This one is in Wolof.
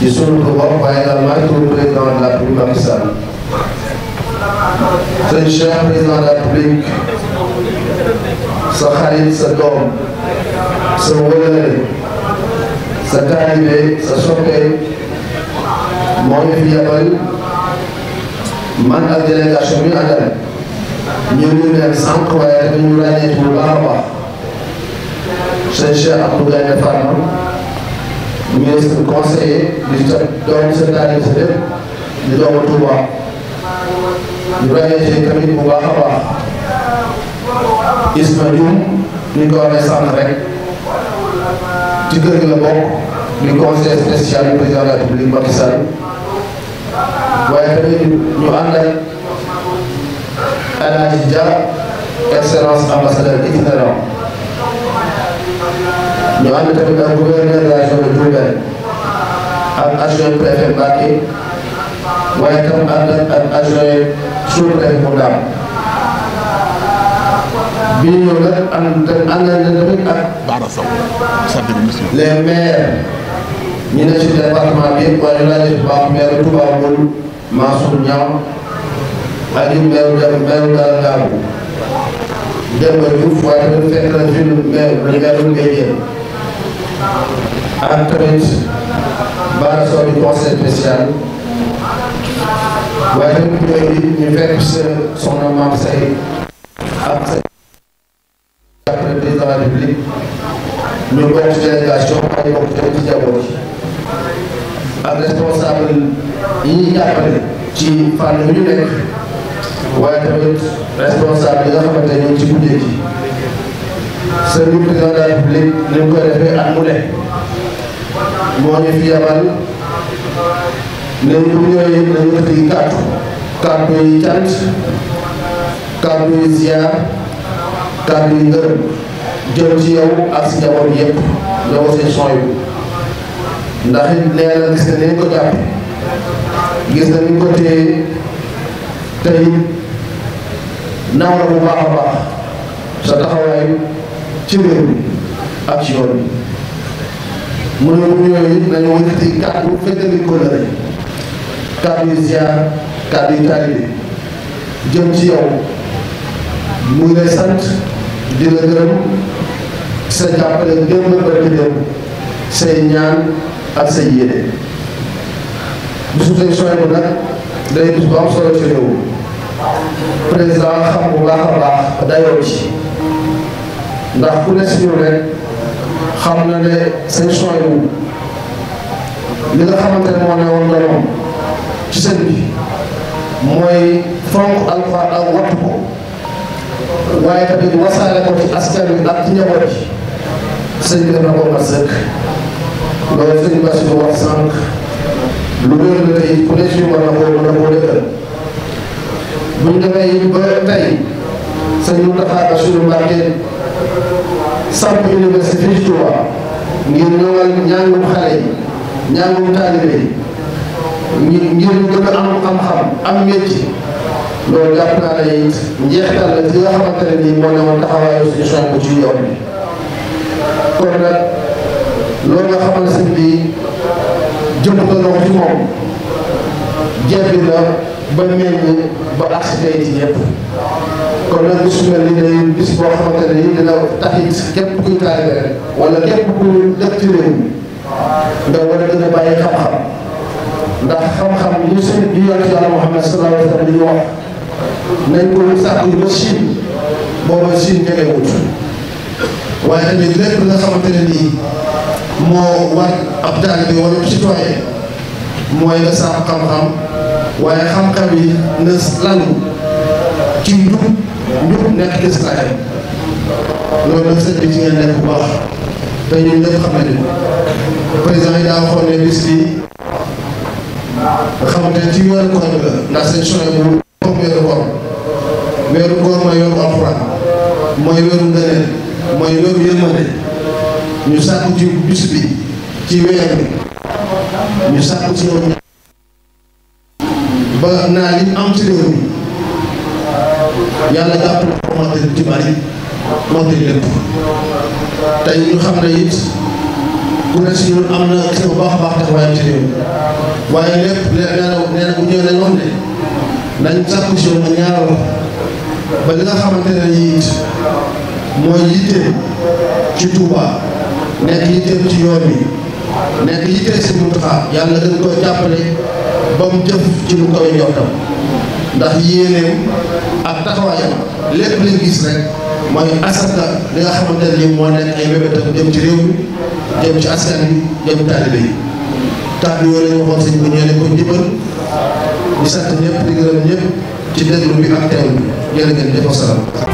ci suñu ko wax waaye également ci président de la République Macky Sall. sëñ Cheikh président de la République sa xarit sa doom sa wëlëre sa taalibe sa soppe moo ñu fi yabal man ak délégation bi àndal ñu ngi leen sànq waaye dañu ràññee bu baax a baax sëñ Cheikh Abdou Gaye Fatma ministre conseiller di doomu secrétaire yi sa di doomu Touba ñu ràññee ci tamit bu baax a baax Isma Dioum ni ñu ko waxee sànq rek ci kër gi la bokk di conseiller spécial du président de la République Macky Sall waaye tamit ñu ànd ak El Hadj Dia excellence ambassadeur itinérant ñu ànd tamit ak gouverneur de la région adjoint préfet Mbacké waaye tam ànd ak adjoint sous-préfet bu Ndam bi ñëw nag ànd ànd nañ tamit ak les maires ñi ne ci département bi yëpp waaye laaj bu baax maire Touba Mboul Mansour Niang ak yu maire dem maire Dal Ngabou Demba Diouf waaye tamit fekk na fi lu maire lu maire lu ngay jël ak tamit Bara Sow di conseil spécial waaye tamit ñooy ñu fekk sa soxna Mame Saye ak sa président de la République ñu bokk ci délégation waaye bokk tamit ci jaboot yi ak responsable yi ñuy jàppale ci fànn yu ñu nekk waaye responsable yi nga xamante ne ñoom ci guddee ji seen président de la République ni at mu ne moo ñu fi yabal léegi bu ñëwee dañu yëkkati kàddu kàddu yi cant kàddu yi ziar kàddu yi ngërëm jëm ci yow ak si njaboot yëpp njaboot seen son yu ndax it leeral gis nañ ko jàpp ko téye tey naaw bu baax a baax sa taxawaay ci mbir mi ak ci yoon mu ne bu ñëwee nañu wëkkati kàddu fekkandi ko la rek kàddu yu ziar kàddu yu taalibe jëm ci yow mu di la gërëm sa jàppale démb barki démb ñaan ak say yéene bisu tey sooy bu nag day bis bu am solo ci réew xam bu baax a ndax ku ne si xam na ne li nga xamante ne moo ne woon ci seen bi mooy fonk alxuraan ak wattu ko waaye tamit wasaare ko ci askan ak ci njaboot yi sëñ bi dana ko mat sëkk loolu sëñ Bassirou wax sànq lu wér la tey ku ne ci mën na koo mën na koo dëkkal buñ demee ba tey sëñ Moustapha Bassirou Mbacké samp université fii ci ngir ñoŋal ñàngum xale yi ñàngum taalibe yi ngir ñu gën a am xam am métier loolu jàpp naa ne it njeexital nga xamante ne nii ne woon taxawaayu suñu sonk ci yoon bi kon nag loolu nga xamal sëñ bi jëmbat na ko ci moom jebbi la ba meññ ba agsi tey ci ñëpp kon nag bis mel ni day bis boo xamante ne nii dina tax it képp kuy taalibe rek wala ku dëkk ci réew mi nga war a gën a bàyyi xam-xam ndax xam-xam yi sëñ bi yonent Yàlla Muhammad sallallahu alayhi wa sallam ñu wax nañ ko sàkku ba Chine booba Chine jegewut waaye tamit lépp nga xamante ne nii moo war ab taalibe wala citoyen mooy nga sàkku xam-xam waaye xam-xam yi nga lalu ci njub ñëpp nekk gëstuwaay loolu nag sëñ bi ci ngeen nekk bu baax te ñun ñëpp xam nañu président yi daa waxoon ne bis bi nga xamante ne ci weeru koor la ndax seen sonné bu comme weeru koor weeru koor mooy weeru alxuraan mooy weeru ngëneel mooy weeru yërmande ñu sàkku ci bis bi ci weer bi ñu sàkku ci yow ba naa li am ci réew mi. yàlla jàpp ko mottali ci bari mottali lépp tey ñu xam ne it ku ne si ñun am na gis bu baax a baax taxawaayam ci réew waaye nee na bu ne nañ sàkku si yow nga ñaaral ba nga xamante ne it mooy yitteem ci Touba nekk yitteem ci yoon bi nekk yitteem si Mountakha yàlla gën koo jàppale ba mu jëf ci lu koy njortam ndax yéeneem ak taxawaayam lépp lañ gis rek mooy asaka li nga xamante ne nii moo nekk ay mébétam jëm ci réew mi jëm ci askan bi jëm taalibe yi taalibe yooyu lañu waxoon sëñ bi ñoo ne ko njëbal di sant ñëpp di gërëm ñëpp ci déglu bi ak teewlu bi jërë ngeen jëf wasalaam